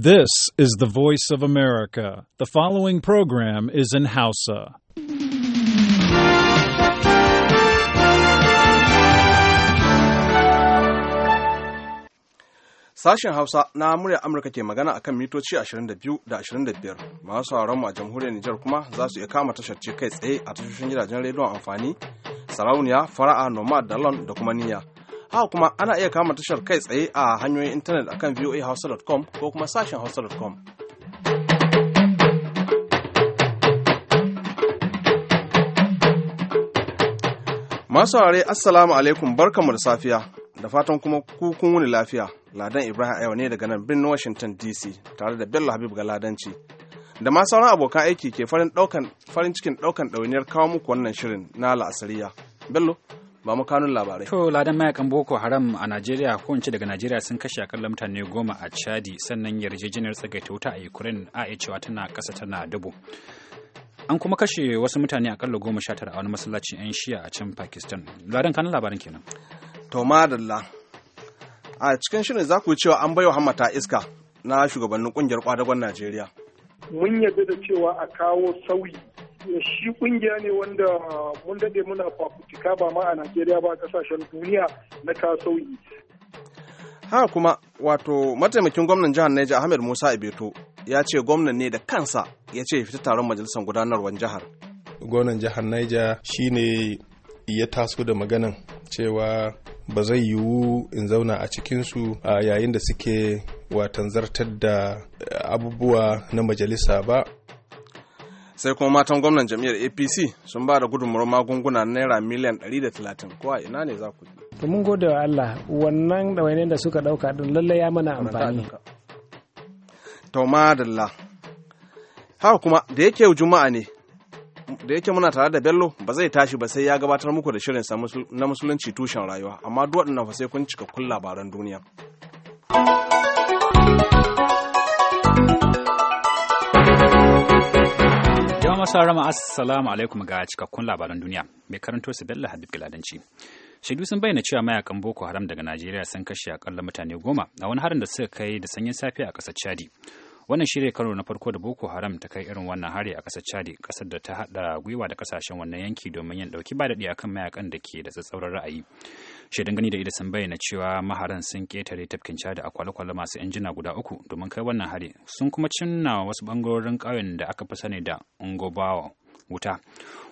This is the voice of America. The following program is in Hausa. Sashen Hausa na murya Amurka ke magana akan mitoci 22 da 25 masu sauranmu a jamhuriyar Nijar kuma za su iya kama tashar ce kai tsaye a tashoshin gidajen rediyon amfani, sarauniya, fara'a, nomad, dalon da kuma niyya. haka kuma ana iya kama tashar kai tsaye a hanyoyin intanet akan voahouse.com ko kuma sashen hausa.com Masu saurare Assalamu alaikum barkamu da safiya da fatan kuma ku wuni lafiya. Ladan Ibrahim Ayo ne daga nan birnin Washington DC tare da Bello Habib ga Ladanci. Da ma sauran abokan aiki ke farin cikin ɗaukan ɗawainiyar kawo muku wannan shirin na la'asariya. Bello, ba mu kanun labarai. To ladan mayakan Boko Haram a Najeriya ko in daga Najeriya sun kashe akalla mutane goma a Chadi sannan yarjejeniyar tsagaita wuta a Ukraine a cewa tana kasa tana dubu. An kuma kashe wasu mutane akalla goma sha tara a wani masallacin 'yan shiya a can Pakistan. Ladan kanun labarin kenan. To madalla. A cikin shirin za ku cewa an baiwa hammata iska na shugabannin kungiyar kwadagon Najeriya. Mun yarda da cewa a kawo sauyi Eh, shi kungiya ne wanda mun dade muna fafutuka ba ma a Najeriya ba kasashen duniya na kasauyi. Ha kuma wato mataimakin gwamnan jihar Neja Ahmed Musa Ibeto ya ce gwamnan ne da kansa ya ce fita taron majalisar gudanarwar jihar. Gwamnan jihar Neja ne ya taso da maganan cewa ba zai yiwu in zauna a cikinsu a yayin da suke watan zartar da abubuwa na majalisa ba sai kuma matan gwamnan jam'iyyar apc sun ba da gudunmuwar magunguna naira miliyan 130 kowa ina ne za ku yi to mun gode wa allah wannan ɗawainiyar da suka ɗauka ɗin lallai ya mana amfani to madalla ha kuma da yake juma'a ne da yake muna tare da bello ba zai tashi ba sai ya gabatar muku da shirin na musulunci tushen rayuwa amma duk waɗannan fa sai kun cikakkun labaran duniya Masu rama assalamu alaikum ga cikakkun labaran duniya mai karanto su bella Habib Giladanci. Shaidu sun bayyana cewa mayakan Boko Haram daga Najeriya sun kashe akalla mutane goma a wani harin da suka kai da sanyin safiya a ƙasar Chadi. Wannan shirya karo na farko da Boko Haram ta kai irin wannan hari a ƙasar Chadi, ƙasar da ta haɗa gwiwa da ƙasashen wannan yanki domin yin ɗauki ba daɗi akan mayakan da ke da tsatsauran ra'ayi. shaidan gani da idan sun bayyana cewa maharan sun ketare tafkin da a kwale-kwale masu injina guda uku domin kai wannan hari sun kuma cinna wasu bangarorin ƙauyen da aka fi sani da ungobawa wuta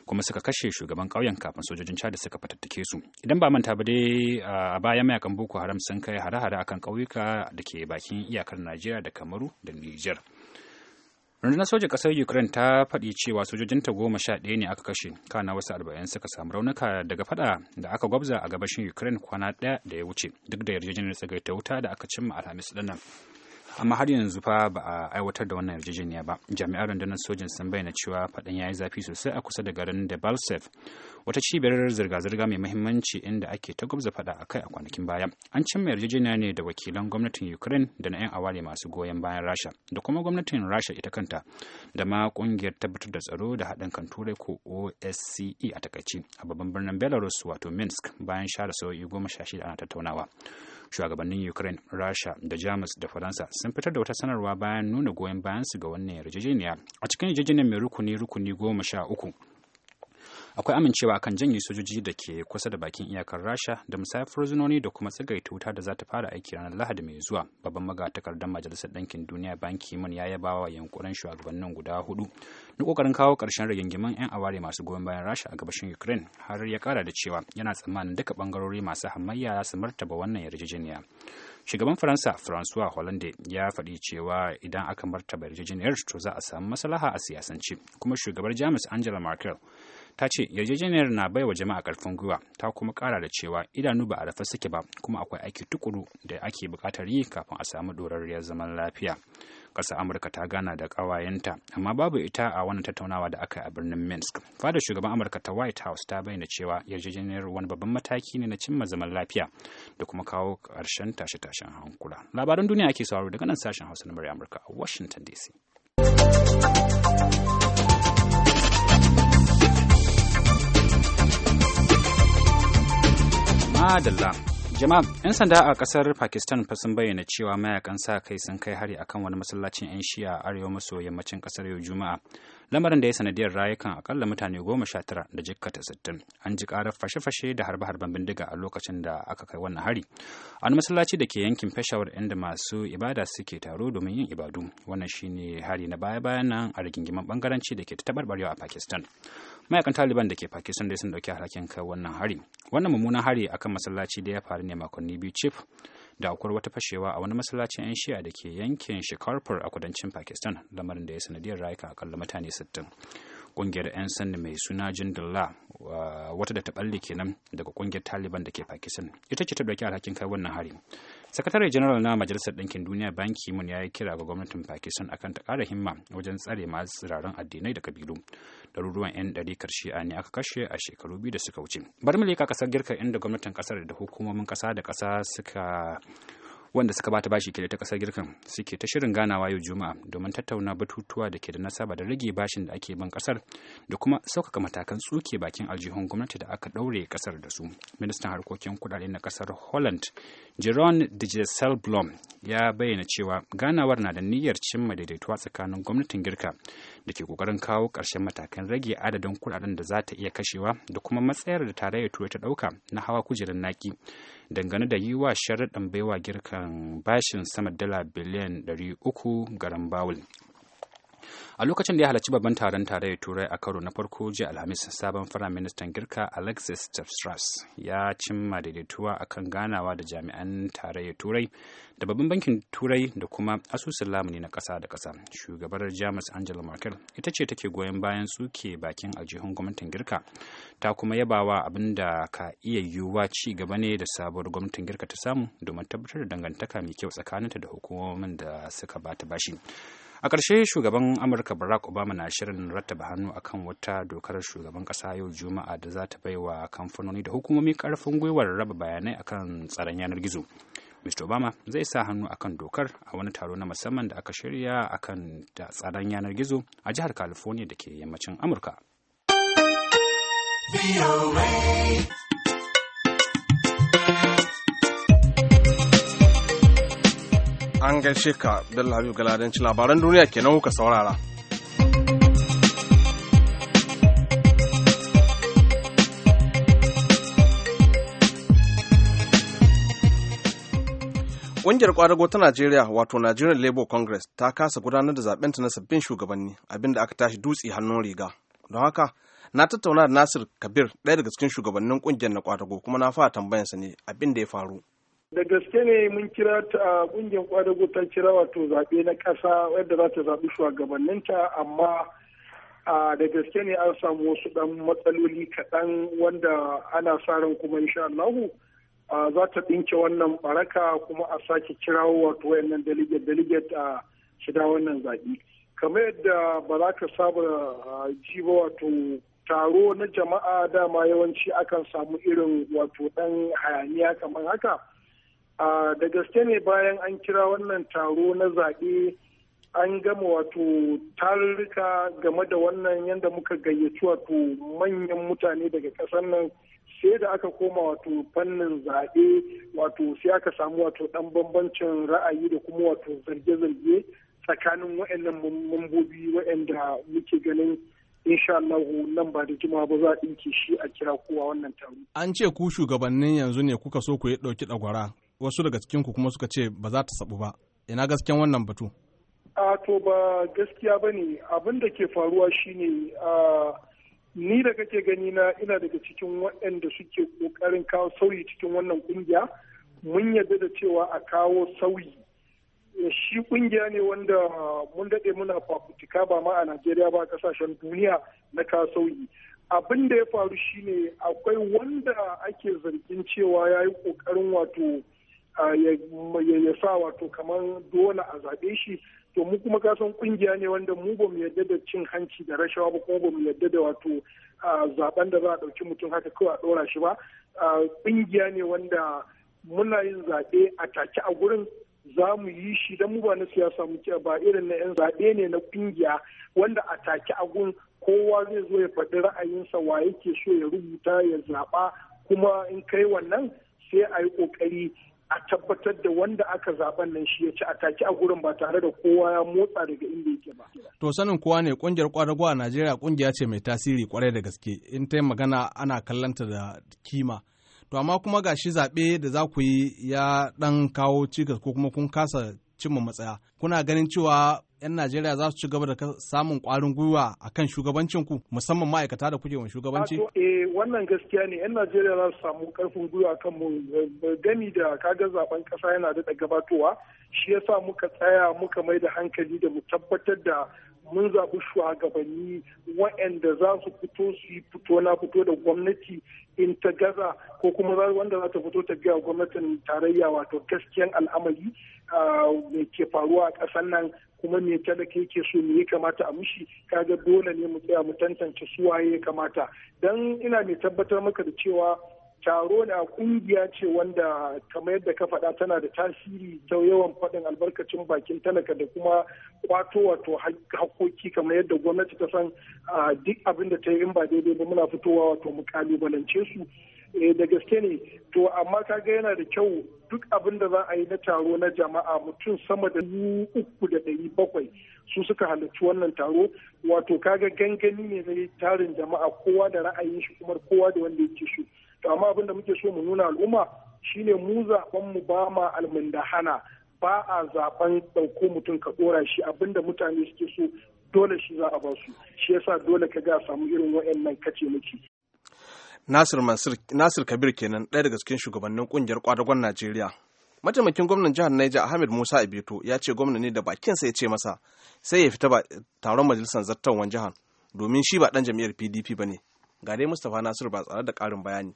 kuma suka kashe shugaban ƙauyen kafin sojojin da suka fatattake su idan ba manta ba dai a baya mayakan boko haram sun kai hare-hare akan ƙauyuka da ke bakin iyakar najeriya da kamaru da niger na sojin ƙasar ukraine ta faɗi cewa sojojinta goma sha ɗaya ne aka kashe kana wasu arba'in suka samu raunuka daga faɗa da aka gwabza a gabashin ukraine kwana ɗaya da ya wuce duk da yarjejeniyar tsagaita wuta da aka cimma alhamis ɗinnan. amma har yanzu fa ba a aiwatar da wannan yarjejeniya ba jami'an rundunar sojin sun bayyana cewa fadan ya yi zafi sosai a kusa da garin da balsef wata cibiyar zirga-zirga mai muhimmanci inda ake ta gwabza fada a kai a kwanakin baya an cimma yarjejeniya ne da wakilan gwamnatin ukraine da na 'yan awale masu goyon bayan rasha da kuma gwamnatin rasha ita kanta da ma kungiyar tabbatar da tsaro da haɗin kan turai ko osce a takaici a babban birnin belarus wato minsk bayan share sauyi goma sha shida ana tattaunawa shugabannin ukraine rasha da jamus da faransa sun fitar da wata sanarwa bayan nuna goyon bayansu ga wannan yarjejeniya a cikin yarjejeniyar mai rukuni rukuni goma sha uku akwai amincewa kan janye sojoji da ke kusa da bakin iyakar rasha da musayar zinoni da kuma tsagaita wuta da za ta fara aiki ranar lahadi mai zuwa babban magatakardar majalisar ɗankin duniya banki mun ya yaba wa yankunan shugabannin guda hudu na kokarin kawo ƙarshen rigingimin 'yan aware masu goyon bayan rasha a gabashin ukraine har ya kara da cewa yana tsammanin duka bangarori masu hamayya za su martaba wannan yarjejeniya shugaban faransa francois hollande ya faɗi cewa idan aka martaba yarjejeniyar to za a samu maslaha a siyasance kuma shugabar jamus angela merkel ta ce yarjejeniyar na baiwa jama'a karfin gwiwa ta kuma kara da cewa idanu ba a rafa suke ba kuma akwai aiki tukuru da ake bukatar yi kafin a samu dorarriyar zaman lafiya ƙasa amurka ta gana da ƙawayenta amma babu ita a wannan tattaunawa da aka yi a birnin minsk fadar shugaban amurka ta white house ta bayyana cewa yarjejeniyar wani babban mataki ne na cimma zaman lafiya da kuma kawo ƙarshen tashe-tashen hankula labaran duniya ake sauraro daga nan sashen hausa na murya amurka a washington dc Madalla. Jama'a, 'yan sanda a ƙasar Pakistan fa sun bayyana cewa mayakan sa kai sun kai hari akan wani masallacin 'yan shi'a a arewa maso yammacin ƙasar yau Juma'a. Lamarin da ya sanadiyar rayukan akalla mutane goma sha tara da jikkata sittin. An ji karar fashe-fashe da harbe-harben bindiga a lokacin da aka kai wannan hari. A wani masallaci da ke yankin Peshawar inda masu ibada suke taro domin yin ibadu. Wannan shine hari na baya-bayan nan a rigingimin bangaranci da ke ta tabarbarewa a Pakistan. mayakan taliban da ke pakistan dai sun dauki harakin kai wannan hari wannan mummunan hari akan masallaci da ya faru ne makonni biyu cif da akwai wata fashewa a wani masallacin 'yan shi'a da ke yankin shikarpur a kudancin pakistan lamarin da ya sanadiyar rayuka akalla mutane 60 kungiyar 'yan sanda mai suna jindalla wata da ta balle kenan daga ƙungiyar taliban da ke pakistan ita ce ta ɗauki alhakin kai wannan hari sakatare general na majalisar ɗinkin duniya ban mun ya yi kira ga gwamnatin pakistan akan ta ƙara himma wajen tsare masu tsiraran addinai da kabilu ɗaruruwan 'yan ɗari karshe a ne aka kashe a shekaru biyu da suka wuce bari mu leƙa ƙasar girka inda gwamnatin ƙasar da hukumomin ƙasa da ƙasa suka wanda suka bata bashi ke da ta kasar girkin suke ta shirin ganawa yau juma'a domin tattauna batutuwa da ke da nasaba da rage bashin da ake ban kasar da kuma sauƙaƙa matakan tsuke bakin aljihun gwamnati da aka ɗaure kasar da su ministan harkokin kudade na kasar holland jeron dijiselblom ya bayyana cewa ganawar na da niyyar cimma daidaituwa tsakanin gwamnatin girka da ke ƙoƙarin kawo ƙarshen matakan rage adadin kuɗaɗen da za ta iya kashewa da kuma matsayar da tarayyar turai ta ɗauka na hawa kujerar naki dangane da yi wa sharaɗin baiwa girkan bashin sama dala biliyan 300 garin bawul a lokacin da ya halarci babban taron tarayyar turai a karo na farko jiya alhamis sabon ministan girka alexis tsipras ya cimma daidaituwa akan ganawa da jami'an tarayyar turai da babban bankin turai da kuma asusun lamuni na kasa da kasa shugabar jamus angela merkel ita ce take goyon bayan suke bakin aljihun gwamnatin girka ta kuma yabawa abin da ka iya yiwuwa ci gaba ne da sabuwar gwamnatin girka ta samu domin tabbatar da dangantaka mai kyau tsakaninta da hukumomin da suka bata bashi a ƙarshe shugaban amurka barack obama na shirin rattaba hannu akan wata dokar shugaban ƙasa yau juma'a da za ta baiwa kamfanoni da hukumomi ƙarfin gwiwar raba bayanai akan tsaron yanar gizo mr obama zai sa hannu akan dokar a wani taro na musamman da aka shirya akan tsaron yanar gizo a jihar california da ke yammacin amurka an gaishe ka Bello Habib Galadanci labaran duniya kenan kuka saurara. Ƙungiyar ƙwadago ta Najeriya wato Nigerian Labour Congress ta kasa gudanar da zaɓenta na sabbin shugabanni abinda aka tashi dutse hannun riga. Don haka, na tattauna da Nasir Kabir ɗaya daga cikin shugabannin ƙungiyar na ƙwadago kuma na fara tambayarsa ne abin da ya faru. da gaske ne mun kira ta kungiyar kwadago ta kira wato zaɓe na ƙasa wadda za ta zaɓi shugabanninta amma da gaske ne an samu wasu ɗan matsaloli kaɗan wanda ana sa ran kuma insha Allahu za ta ɗinke wannan baraka kuma a sake kirawo wato wayannan delegate delegate a shiga wannan zaɓe kamar yadda ba za ka saba ji ba wato taro na jama'a dama yawanci akan samu irin wato ɗan hayaniya kamar haka da gaske ne bayan an kira wannan taro na zaɓe an gama wato tarurruka game da wannan yadda muka gayyaci wato manyan mutane daga ƙasar nan sai da aka koma wato fannin zaɓe wato sai aka samu wato ɗan bambancin ra'ayi da kuma wato zarge-zarge tsakanin wa'annan mambobi wa'anda muke ganin insha Allah nan ba da jima ba za a ɗinke shi a kira kowa wannan taro. An ce ku shugabannin yanzu ne kuka so ku yi ɗauki ɗagwara wasu daga cikinku kuma suka ce ba za ta sabu ba ina gasken wannan batu a to ba gaskiya ba ne abin da ke faruwa shine a ni da kake gani na ina daga cikin waɗanda suke ƙoƙarin kawo sauyi cikin wannan ƙungiya mun yarda da cewa a kawo sauyi shi ƙungiya ne wanda mun daɗe muna fafutuka ba ma a najeriya ba kasashen duniya na sauyi abin da ya faru shine akwai wanda ake zargin cewa ya yi ƙoƙarin wato ya sa wato kamar dole a zaɓe shi to mu kuma kasan kungiya ne wanda mu ba mu yarda da cin hanci da rashawa ba kuma ba mu yarda da wato zaben da za a ɗauki mutum haka kawai a ɗora shi ba kungiya ne wanda muna yin zaɓe a take a gurin za mu yi shi don mu ba na siyasa ce ba irin na 'yan zaɓe ne na kungiya wanda a take a gun kowa zai zo ya faɗi ra'ayinsa wa yake so ya rubuta ya zaɓa kuma in kai wannan sai a yi ƙoƙari a tabbatar da wanda aka zaben nan shi ya ci a taki a gurin ba tare da kowa ya motsa daga inda yake ba. To sanin kowa ne kungiyar kwadagwa a Najeriya kungiya ce mai tasiri kwarai da gaske in ta magana ana kallanta da kima. To amma kuma ga shi zaɓe da za ku yi ya ɗan kawo cikas ko kuma kun kasa cimma matsaya. Kuna ganin cewa 'yan Najeriya za su ci gaba da samun kwarin gwiwa a kan shugabancinku musamman ma'aikata da kuke wa shugabanci? Eh wannan gaskiya ne 'yan Najeriya za su samu ƙarfin gwiwa kan mu eh, gani da kaga zaben ƙasa yana da gabatowa shi yasa muka tsaya muka mai da hankali da mu tabbatar da mun zaɓi shugabanni waɗanda za su fito su yi fito na fito da gwamnati in ta gaza ko kuma wanda za ta fito ta gaya gwamnatin tarayya wato gaskiyan al'amari me ke faruwa a ƙasar nan kuma me talaka yake so me ya kamata a mushi kaga dole ne mu tsaya mu tantance su waye ya kamata dan ina mai tabbatar maka da cewa taro na kungiya ce wanda kamar yadda ka faɗa tana da tasiri ta yawan faɗin albarkacin bakin talaka da kuma kwato wato hakoki kamar yadda gwamnati ta san duk abin da ta yi in ba daidai ba muna fitowa wato mu kalubalance su eh, da gaske ne to amma kaga yana da kyau duk abin da za a yi na taro na jama'a mutum sama da uku da ɗari bakwai su suka halarci wannan taro wato kaga gangani ne na tarin jama'a kowa da ra'ayin shi kuma kowa da wanda yake su to amma abin da muke so mu nuna al'umma shine mu zaben mu ba ma almundahana ba a zaben ɗauko mutum ka dora shi abinda mutane suke so dole shi za a ba su shi yasa dole ka ga samu irin wa'annan kace miki Nasir Mansur Nasir Kabir kenan ɗaya daga cikin shugabannin kungiyar kwadagon Najeriya mataimakin gwamnan jihar Niger Ahmed Musa Ibeto ya ce gwamna ne da bakinsa ya ce masa sai ya fita taron majalisar zattawan jihar domin shi ba ɗan jam'iyyar PDP ba ne ga dai Mustapha Nasiru ba tsare da ƙarin bayani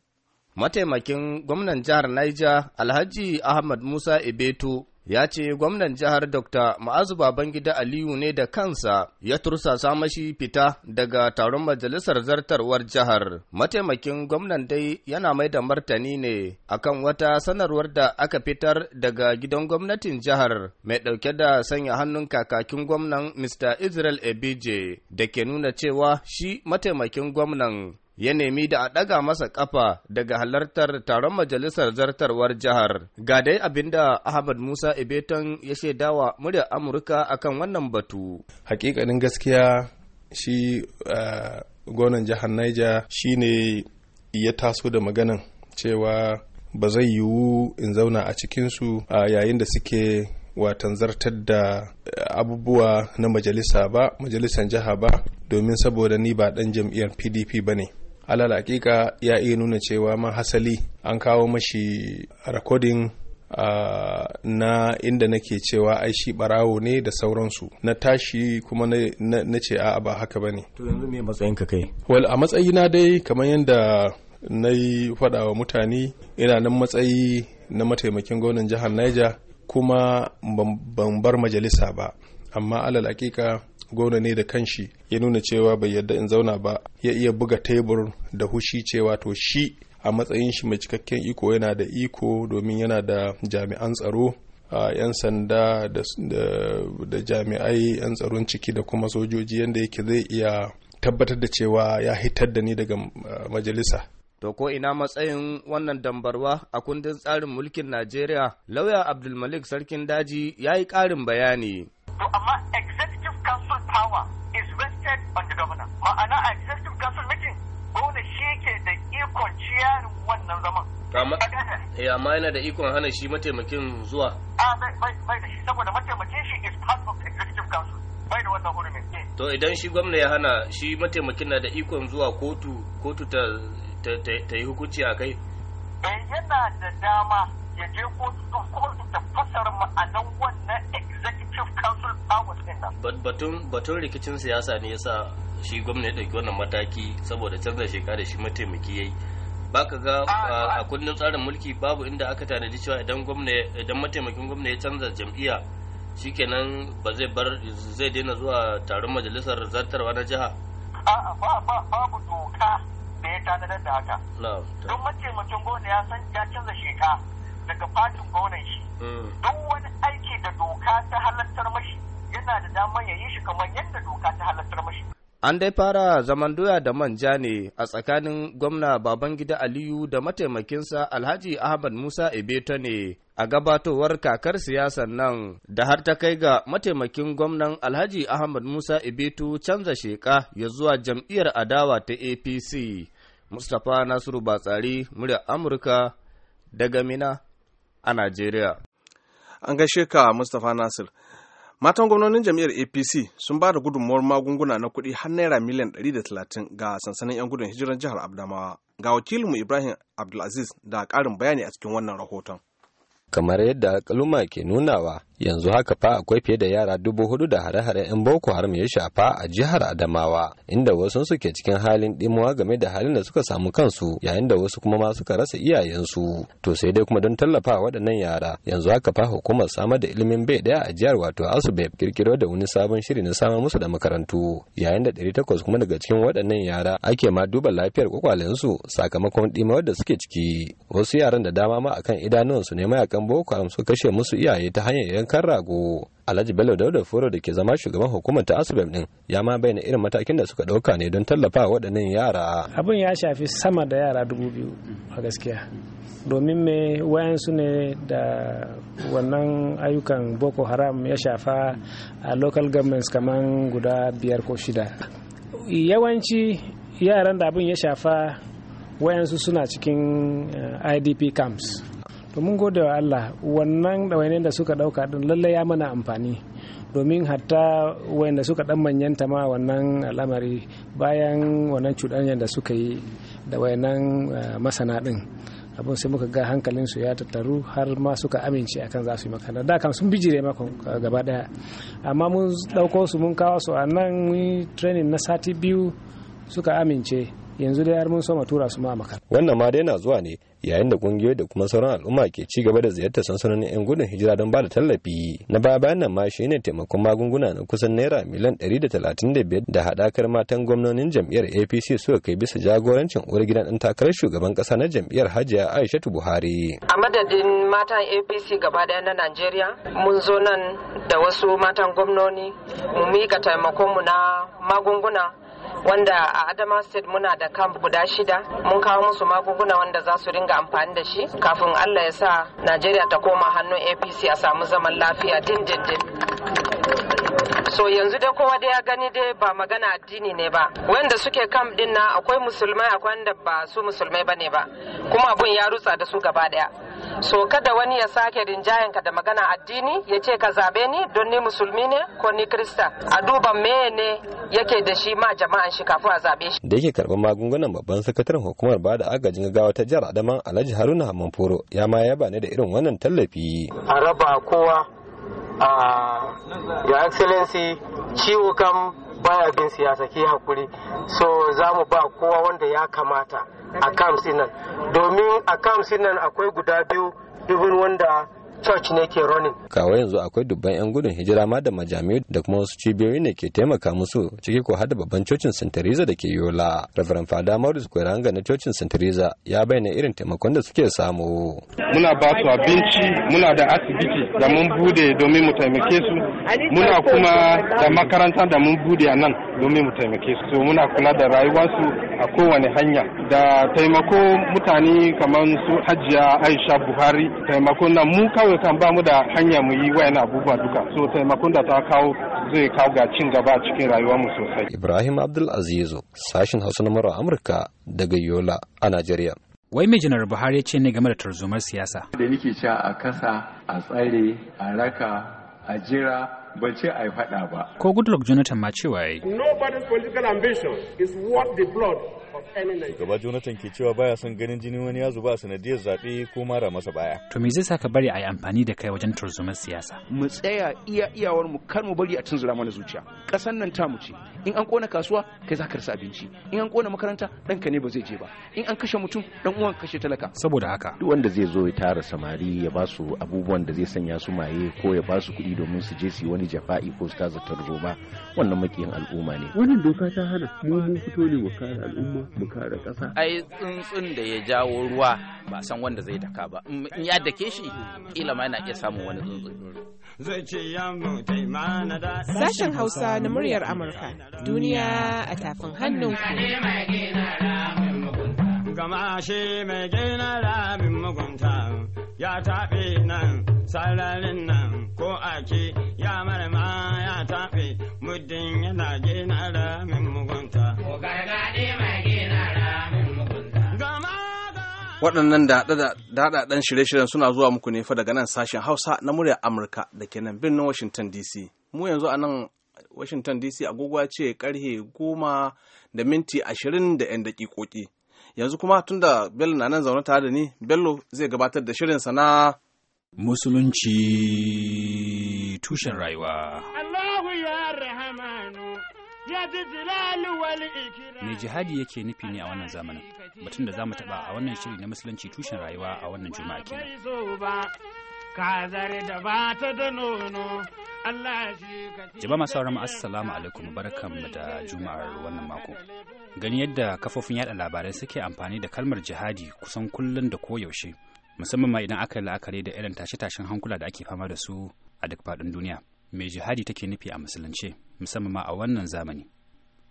Mataimakin gwamnan jihar Niger Alhaji Ahmad Musa Ibeto ya ce gwamnan jihar Dr. Ma'azu Babangida Aliyu ne da kansa ya tursasa mashi fita daga taron majalisar zartarwar jihar. Mataimakin gwamnan dai yana mai da martani ne akan wata sanarwar da aka fitar daga gidan gwamnatin jihar mai ɗauke da sanya hannun kakakin gwamnan Mr. Israel Ebije da ke nuna cewa shi mataimakin gwamnan ya nemi da a ɗaga masa ƙafa daga halartar taron majalisar zartarwar jihar. Ga dai da Ahmad Musa Ibeton ya shaidawa muryar Amurka akan wannan batu. Hakikanin gaskiya shi eh, gonan jihar Niger shi ne ya taso da maganan cewa ba zai yiwu in zauna a cikinsu yayin da suke watan zartar da abubuwa na majalisa ba majalisan jiha ba domin saboda ni ba dan jam'iyyar pdp ba ne alal hakika ya iya nuna cewa ma hasali an kawo mashi rakodin Uh, na inda nake cewa ai shi barawo ne da sauransu na tashi kuma na ce a ba haka ba ne to yanzu me matsayin ka kai wal a matsayina dai kamar yadda na yi faɗa wa mutane ina nan matsayi na mataimakin gwamnan jihar niger kuma ban bar majalisa ba amma alal hakika gona ne da kanshi ya nuna cewa bai yadda in zauna ba ya iya buga tebur da hushi cewa to shi a matsayin shi mai cikakken iko yana da iko domin yana da jami'an tsaro a 'yan sanda da jami'ai 'yan tsaron ciki da kuma sojoji yadda yake zai iya tabbatar da cewa ya hitar da ni daga majalisa To ko ina matsayin wannan dambarwa a kundin tsarin mulkin Najeriya, lauya Abdulmalik Sarkin Daji ya yi ƙarin bayani. To amma executive council power is vested on the governor. Ma'ana executive council meeting gwamna shi ke da ikon ciyarin wannan zaman. Eh, amma yana da ikon hana shi mataimakin zuwa. A bai da shi saboda mataimakin shi is part of executive council. Bai da wannan hurumin. Eh. To idan shi gwamna ya hana shi mataimakin na da ikon zuwa kotu kotu ta ta yi hukunci a kai? Eh yana da dama ya je kotu ta fasar ma'anan wannan executive council powers din nan. Batun rikicin siyasa ne yasa shi gwamna ya ɗauki wannan mataki saboda canza shekara shi mataimaki ya yi. ka ga ah, ah. a kundin tsarin mulki babu inda aka tanadi cewa idan gwamna idan mataimakin gwamna ya canza jam'iyya shikenan ba zai bar zai daina zuwa taron majalisar zartarwa na jiha a'a ba ba babu doka tanadar da haka don mataimakin gona ya san ya canza sheka daga fatin gonan shi hmm. duk wani aiki da doka ta halartar mashi yana da damar ya yi shi kamar yadda doka ta halartar mashi An dai fara zaman doya da manja ne a tsakanin gwamna Babangida Aliyu da mataimakinsa Alhaji Ahmad Musa Ebeto ne a gabatowar kakar siyasar nan da har ta kai ga mataimakin gwamnan Alhaji Ahmad Musa Ebeto canza sheka ya zuwa jam'iyyar adawa ta APC. Mustapha Nasiru Batsari, murya Amurka daga Mina a Najeriya. An gaishe ka Mustapha Nasir. Matan gwamnonin jam'iyyar APC sun ba da gudunmuwar magunguna na kuɗi har naira miliyan 130 ga sansanin 'yan gudun hijiran jihar Abdamawa. Ga wakilinmu Ibrahim Abdulaziz da ƙarin bayani a cikin wannan rahoton. Kamar yadda alƙaluma ke nunawa, yanzu haka fa akwai fiye da yara dubu hudu da hare-hare 'yan boko haram ya shafa a jihar adamawa inda wasu suke cikin halin dimuwa game da halin da suka samu kansu yayin da wasu kuma ma suka rasa iyayensu to sai dai kuma don tallafa waɗannan yara yanzu haka fa hukumar samar da ilimin bai daya a jihar wato asubeb kirkiro da wani sabon shiri na samar musu da makarantu yayin da ɗari takwas kuma daga cikin waɗannan yara ake ma duba lafiyar kwakwalensu sakamakon ɗimawar da suke ciki wasu yaran da dama ma akan idanuwansu ne mayakan boko haram su kashe musu iyaye ta hanyar Kan rago alhaji bello dauda furo da ke zama shugaban hukumar ta asibem din ya ma bayyana irin matakin da suka dauka ne don tallafa waɗannan yara abin ya shafi sama da yara dubu biyu a gaskiya domin me wayansu ne da wannan ayyukan boko haram ya shafa a local governments kamar guda biyar ko shida yawanci yaran da abin ya shafa wayansu suna cikin eh, idp camps to mun gode wa Allah wannan da wani da suka ɗauka din lallai ya mana amfani domin hatta wanda suka dan manyanta ma wannan al'amari bayan wannan cudan da suka yi da wayannan eh, masana din abin sai muka ga hankalin su ya tattaru har ma suka amince akan za su yi makaranta da kan sun bijire mako eh, gaba daya amma mun dauko su mun kawo su a nan training na sati biyu suka amince yanzu dai har mun soma tura su ma makar wannan ma dai na zuwa ne yayin da kungiyoyi da kuma sauran al'umma ke ci gaba da ziyartar sansanonin 'yan gudun hijira don bada tallafi na baya bayan nan ma ne taimakon magunguna na kusan naira miliyan 135 da da biyar haɗakar matan gwamnonin jam'iyyar apc suka kai bisa jagorancin uwar gidan ɗan takarar shugaban ƙasa na jam'iyyar hajiya aishatu buhari a madadin matan apc gaba ɗaya na najeriya mun zo nan da wasu matan gwamnoni mu mika taimakonmu na magunguna wanda a adama state muna da camp guda shida mun kawo musu magunguna wanda za su ringa amfani da shi kafin allah ya sa najeriya ta koma hannun apc a samu zaman lafiya dindindin so yanzu dai kowa da ya gani dai ba magana addini ne ba wanda suke kam din na akwai musulmai akwai wanda ba su musulmai ne ba kuma abun ya rutsa da su gaba daya so kada wani ya sake rinjayen ka da magana addini ya ce ka zabe ni don ni musulmi ne ko ni krista a duba meye ne yake da shi ma jama'an shi kafin a zabe shi da yake karɓar magungunan babban sakataren hukumar ba da agajin gaggawa ta jihar adaman alhaji haruna Mamforo ya ma yaba ne da irin wannan tallafi a raba kowa a your excellency ciwo kam baya bin siyasa ki hakuri so za mu ba kowa wanda ya kamata a kamsinan domin a kamsinan akwai guda biyu ibin wanda church ne ke running. Kawai yanzu akwai dubban 'yan gudun hijira ma da majami'u da kuma wasu cibiyoyi ne ke taimaka musu ciki ko hada babban cocin St. Teresa da ke Yola. Reverend Fada Maurice Kweranga na cocin St. Teresa ya bayyana irin taimakon da suke samu. Muna ba su abinci, muna da asibiti da mun bude domin mu taimake su, muna kuma da makaranta da mun bude a nan. domin mu taimake su muna kula da rayuwarsu a kowane hanya da taimako mutane kamar su hajiya aisha buhari taimako na mu kawai kan ba mu da hanya mu yi wayan abubuwa duka so taimakon da ta kawo zai kawo ga cin gaba cikin rayuwar mu sosai ibrahim abdulazizu sashin hausa na mara amurka daga yola a najeriya wai mai janar buhari ya ce ne game da tarzomar siyasa da nake cewa a kasa a tsare a raka a jira ban ce a yi faɗa ba. Ko Goodluck Jonathan ma cewa yi. Nobody's political ambition is worth the blood Shugaba Jonathan ke cewa baya son ganin jini wani ya zuba sanadiyar zaɓe ko mara masa baya. To me zai saka bari a yi amfani da kai wajen turzumar siyasa? Mu tsaya iya iyawar mu kar mu bari a tunzura mana zuciya. Ƙasar nan ta mu ce. In an kona kasuwa kai za ka rasa abinci. In an kona makaranta ka ne ba zai je ba. In an kashe mutum ɗan uwan kashe talaka. Saboda haka. Duk wanda zai zo ya tara samari ya ba su abubuwan da zai sanya su maye ko ya ba su kuɗi domin su je su yi wani jafa'i ko su taza tarzoma wannan makiyin al'umma ne. Wannan doka ta hana mu mun fito ne wa kare al'umma mu da ƙasa ai tsuntsun da ya jawo ruwa ba san wanda zai daka ba in ya dake shi kila ma yana iya samun wani tsuntsun zai ce ya mu taimana da sashen Hausa na muryar Amurka duniya a tafin hannun ku gama shi mai gina rabin mugunta ya taɓe nan sararin nan ko ake ya marama ya taɓe muddin yana gina ramin mugunta waɗannan daɗaɗɗen shirye-shiryen suna zuwa muku ne fa daga nan sashen hausa na muryar amurka da ke nan birnin washington dc mu yanzu a nan washington dc agogwa ce karhe goma da minti ashirin da yan dakikoki yanzu kuma tun da bello na nan zaune tare da ni bello zai gabatar da shirinsa na musulunci tushen rayuwa Me jihadi yake nufi ne a wannan zamanin? Batun da za mu taɓa a wannan shiri na musulunci tushen rayuwa a wannan juma'a kenan. Jaba da masu sauraron assalamu alaikum barkanmu da juma'ar wannan mako. Gani yadda kafofin yada labarai suke amfani da kalmar jihadi kusan kullum da koyaushe musamman ma idan aka yi la'akari da irin tashe-tashen hankula da ake fama da su a duk faɗin duniya. mai jihadi take nufi a musulunce musamman ma a wannan zamani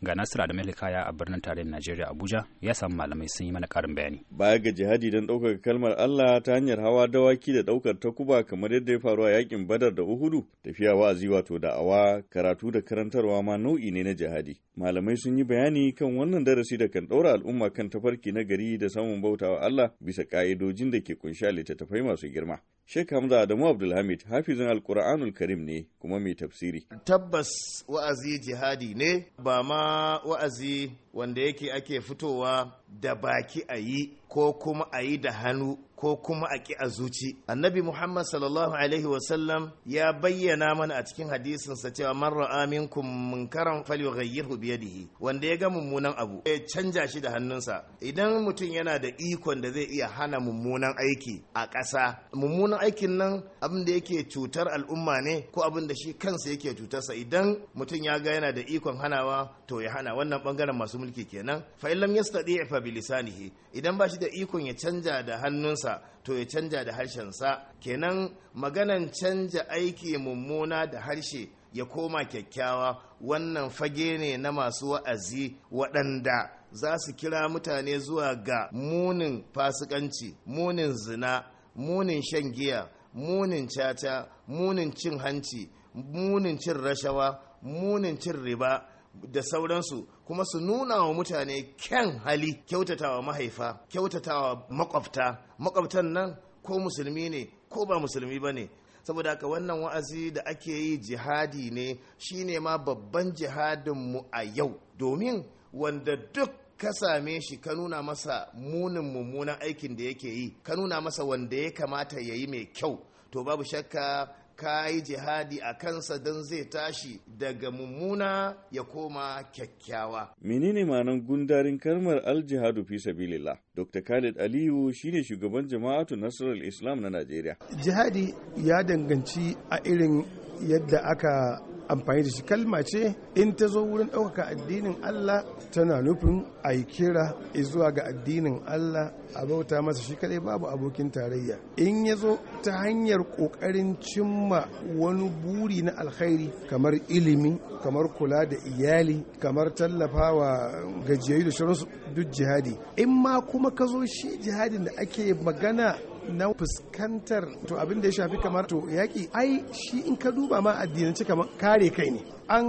ga nasir Adamu kaya a birnin tarayyar Najeriya Abuja ya samu malamai sun yi mana karin bayani. Baya ga jihadi don ɗaukar kalmar Allah ta hanyar hawa dawaki da ɗaukar takuba kamar yadda ya faru a yakin Badar da Uhudu, tafiya wa'azi wato da'awa, karatu da karantarwa ma nau'i ne na jihadi. malamai sun yi bayani kan wannan darasi da kan ɗaura al'umma kan tafarki na gari da samun bautawa Allah bisa ƙa'idojin da ke kunshi a littattafai masu girma. Sheikh Hamza Adamu Abdulhamid hafizin Alƙur'anul Karim ne kuma mai tafsiri. Tabbas wa'azi jihadi ne ba ma wa'azi wanda yake ake fitowa da baki a yi ko kuma a yi da hannu ko kuma a ƙi a zuci annabi muhammad sallallahu alaihi wasallam ya bayyana mana a cikin hadisinsa cewa man ra'a minkum munkaran falyughayyirhu biyadihi wanda ya ga mummunan abu ya canja shi da hannunsa idan mutum yana da ikon da zai iya hana mummunan aiki a ƙasa mummunan aikin nan abin da yake cutar al'umma ne ko abin da shi kansa yake cutarsa idan mutum ya ga yana da ikon hanawa to ya hana wannan bangaren masu mulki kenan fa illam yastati fa bilisanihi idan ba shi da ikon ya canja da hannunsa to ya canja da harshensa kenan maganan canja aiki mummuna da harshe ya koma kyakkyawa wannan fage ne na masu wa'azi waɗanda za su kira mutane zuwa ga munin fasikanci munin zina munin shan giya munin caca munin cin hanci munin cin rashawa munin cin riba da sauransu kuma su nuna wa mutane kyan hali kyautatawa mahaifa kyautatawa makwabta makwabtan nan ko musulmi ne ko ba musulmi ba ne saboda haka wannan wa'azi da ake yi jihadi ne shine ma babban jihadinmu a yau domin wanda duk ka same shi ka nuna masa munin mummunan aikin da yake yi ka nuna masa wanda ya kamata ya yi mai kyau to babu shakka ka yi jihadi a kansa don zai tashi daga mummuna ya koma kyakkyawa. Menene ma'anar gundarin kalmar aljihadu fi sabilillah? Dr. Khalid Aliyu shine shugaban jama'atu Nasarar Islam na Najeriya. Jihadi ya danganci a irin yadda aka amfani da shi kalma ce in ta zo wurin ɗaukaka addinin Allah tana nufin a yi kira zuwa ga addinin Allah a bauta masa shi kadai babu abokin tarayya in ya zo ta hanyar ƙoƙarin cimma wani buri na alkhairi kamar ilimi kamar kula da iyali kamar tallafawa gajiyayi da shirinsu duk jihadi in ma kuma ka zo shi jihadin da ake magana na fuskantar to abin da ya shafi kamar to yaƙi ai shi in ka duba ma addinance kamar kare kai ne an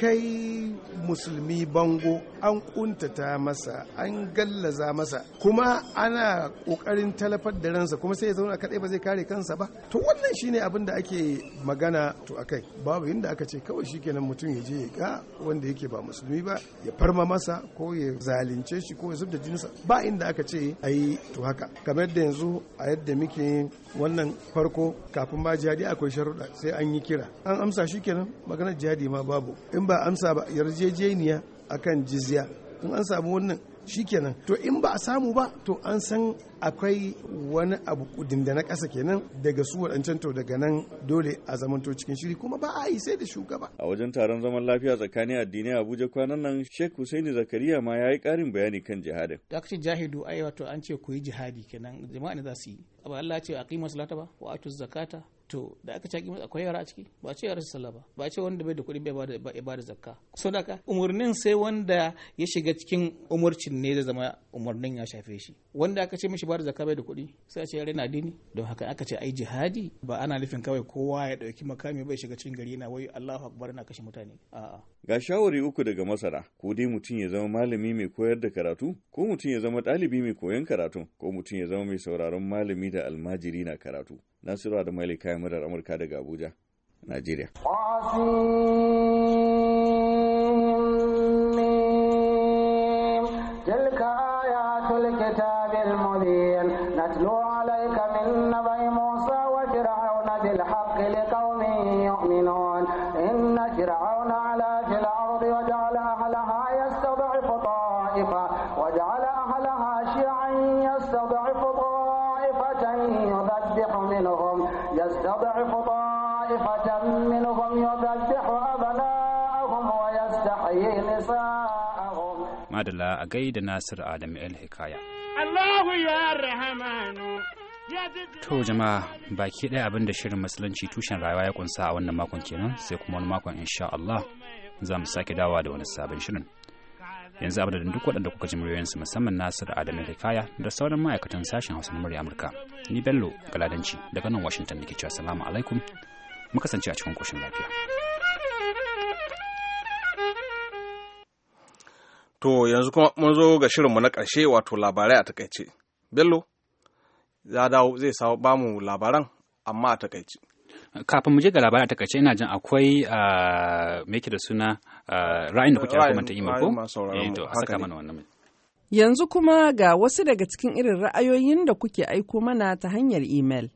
kai musulmi bango an kuntata masa an gallaza masa kuma ana kokarin talafar da ransa kuma sai ya zauna kadai ba zai kare kansa ba to wannan shine abin da ake magana to akai babu inda aka ce kawai kenan mutum ya je ya ga wanda yake ba musulmi ba ya farma masa ko ya zalunce shi ko ya zubda jinsa ba inda aka ce ayi to haka kamar da yanzu a yadda muke wannan farko kafin ma jihadi akwai sharuɗa sai an yi kira an amsa shi kenan maganar jihadi ma babu in ba amsa ba yarjejeniya akan jizya in an samu wannan shikenan to in ba a samu ba to an san akwai wani abu kudin da na kasa kenan daga su wadancan to daga nan dole a zamanto cikin shiri kuma ba a yi sai da shugaba a wajen taron zaman lafiya tsakanin addinai Abuja kwanan nan Sheikh Hussaini Zakariya ma ya yi karin bayani kan jihadin da aka ce jahidu ai wato an ce ku yi jihadi kenan jama'a ne za su yi ba Allah ce a aqimu salata ba wa atu zakata to da aka caki masa akwai yara a ciki ba ce yara sallah ba ba ce wanda bai da kuɗi bai ba da zakka so da ka umarnin sai wanda ya shiga cikin umarcin ne zai zama umarnin ya shafe shi wanda aka ce mishi ba da zakka bai da kuɗi sai a ce yare na dini don haka aka ce ai jihadi ba ana nufin kawai kowa ya ɗauki makami bai shiga cikin gari na wai Allahu akbar na kashe mutane a'a ga shawari uku daga masara ko dai mutum ya zama malami mai koyar da karatu ko mutum ya zama ɗalibi mai koyon karatu ko mutum ya zama mai sauraron malami da almajiri na karatu Nasiru Adamu Ali kayan murar Amurka daga Abuja, Najeriya. تلك آيات الكتاب المبين نتلو عليك من نبأ موسى وفرعون بالحق لقوم يؤمنون إن فرعون علا في الأرض وجعل أهلها يضعف طائفة منهم يذبح أبناءهم madala a gaida Nasir Adam El Hikaya. Allahu ya To jama'a baki ɗaya abinda shirin musulunci tushen rayuwa ya kunsa a wannan makon kenan sai kuma wani makon insha Allah za mu sake dawa da wani sabon shirin. yanzu da duk waɗanda kuka ji muryoyinsu musamman nasir adamu rikaya da sauran ma'aikatan sashen hausa na murya amurka ni bello galadanci daga nan washington da ke cewa salamu alaikum mu kasance a cikin koshin lafiya to yanzu kuma mun zo ga shirinmu na ƙarshe wato labarai a takaice bello ya dawo zai bamu labaran amma a takaice kafin mu je ga labarin a takaice ina jin akwai ah, me yake da suna ah, ra'ayin da kuke hukumanta imar ko eh, to a saka mana wannan yanzu kuma ga wasu daga cikin irin ra'ayoyin da kuke aiko mana ta hanyar imel.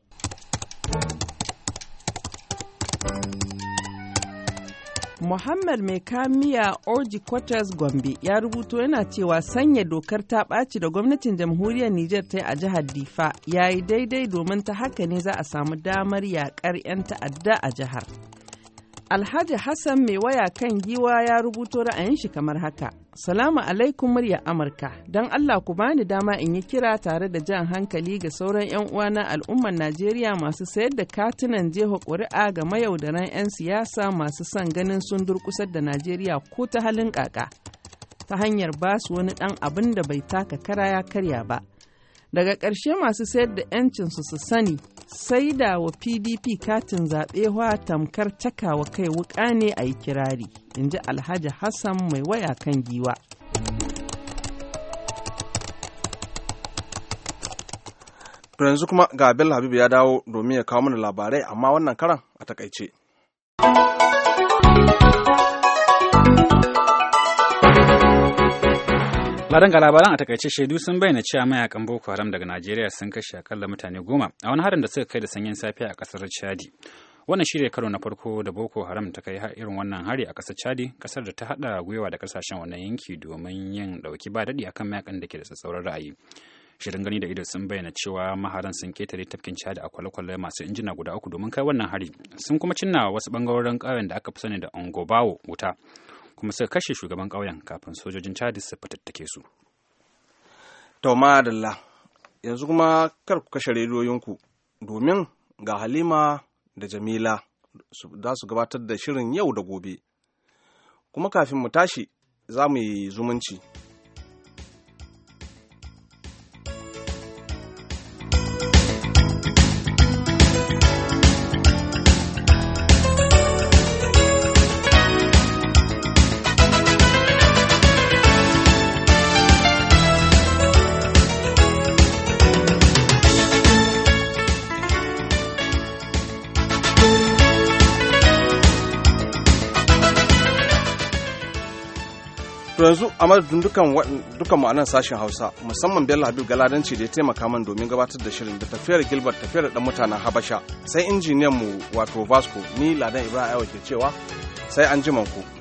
Muhammad mai kamiya Orji Quarters Gombe ya rubuto yana cewa sanya dokar ta ɓaci da gwamnatin jamhuriyar Nijar ta yi a jihar Difa ya yi daidai domin ta haka ne za a samu damar yaƙar 'yan ta'adda a jihar. Alhaji Hassan mai waya kan giwa ya rubuto ra'ayin shi kamar haka. Salamu alaikum murya Amurka, don Allah ku bani dama in yi kira tare da jan hankali ga sauran 'yan uwa na al'ummar Najeriya masu sayar da katunan jeho ƙuri'a ga mayaudaran 'yan siyasa masu son ganin sun durƙusar da Najeriya ko ta halin ƙaƙa, ta hanyar basu wani ɗan abin da bai taka kara ya karya ba. daga ƙarshe masu sayar da 'yancinsu su sani sai da wa pdp katin zaɓe wa tamkar cakawa kai wuƙa ne a yi kirari in ji alhaji hassan mai waya kan giwa yanzu kuma ga abin habibu ya dawo domin ya kawo mana labarai amma wannan karan a takaice. Ladan ga labaran a takaice shaidu sun bayyana cewa mayakan Boko Haram daga Najeriya sun kashe akalla mutane goma a wani harin da suka kai da sanyin safiya a kasar Chadi. Wannan shirya karo na farko da Boko Haram ta kai irin wannan hari a kasar Chadi, kasar da ta haɗa gwiwa da kasashen wannan yanki domin yin ɗauki ba daɗi akan mayakan da ke da tsatsauran ra'ayi. shirin gani da ido sun bayyana cewa maharan sun ketare tafkin Chadi a kwale-kwale masu injina guda uku domin kai wannan hari sun kuma cinna wasu bangarorin ƙauyen da aka fi sani da ongobawo wuta kuma suka kashe shugaban ƙauyen kafin sojojin chadis su fatattake su to madalla yanzu kuma kar ku kashe rediyoyinku domin ga halima da jamila za su gabatar da shirin yau da gobe kuma kafin mu tashi za mu yi zumunci To yanzu a madadin dukan ma'anar sashen Hausa musamman Bello Habib Galadanci da ya taimaka man domin gabatar da shirin da tafiyar Gilbert tafiyar da mutanen Habasha sai injiniyan mu wato Vasco ni Ladan Ibrahim Ayo ke cewa sai an ku.